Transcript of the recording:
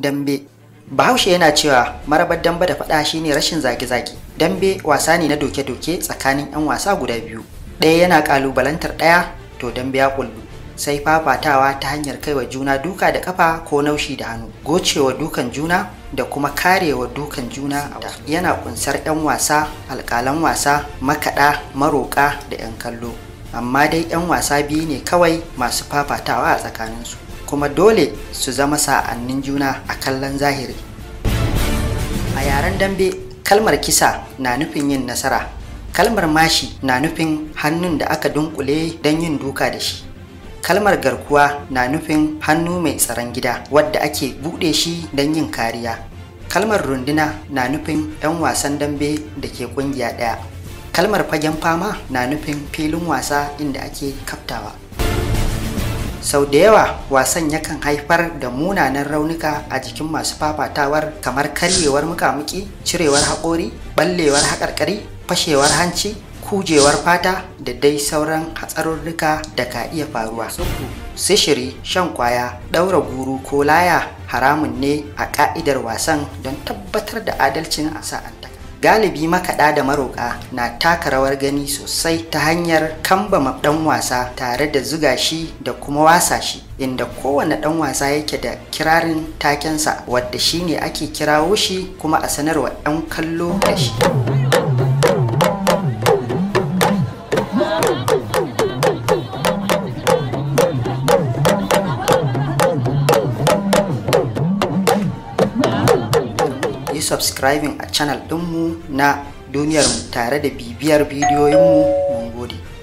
dambe bahaushe yana cewa marabar dambe da faɗa shine rashin zage-zage dambe wasa ne na doke-doke tsakanin 'yan wasa guda biyu ɗaya yana ƙalubalantar ɗaya to dambe ya kullu sai fafatawa ta hanyar kaiwa juna duka da kafa ko naushi da hannu gocewa dukan juna da kuma karewa dukan juna yana kunsar 'yan wasa alkalan wasa makaɗa maroƙa da 'yan kallo amma dai 'yan wasa biyu ne kawai masu fafatawa a tsakaninsu kuma dole su zama sa'annin juna a kallon zahiri a yaren dambe kalmar kisa na nufin yin nasara kalmar mashi na nufin hannun da aka dunkule don yin duka da shi kalmar garkuwa na nufin hannu mai tsaron gida wadda ake buɗe shi don yin kariya kalmar runduna na nufin 'yan wasan dambe da ke ƙungiya ɗaya kalmar fagen fama na nufin filin wasa inda ake kaftawa sau da yawa wasan yakan haifar da munanan raunuka a jikin masu fafatawar kamar karyewar mukamuki cirewar haƙori ɓallewar haƙarƙari fashewar hanci kujewar fata da dai sauran hatsarurruka da ka iya faruwa sishiri shan kwaya ɗaura guru ko laya haramun ne a ƙa'idar wasan don tabbatar da adalcin a sa'anta. galibi makaɗa da maroƙa na taka rawar gani sosai ta hanyar kambama ɗan wasa tare da zuga shi da kuma wasa shi inda kowane ɗan wasa yake da kirarin takensa wadda shine ake kirawo shi kuma a sanarwa ɗan kallo da shi yi subscribing a channel ɗinmu na duniyarmu tare da bibiyar bidiyoyinmu mun gode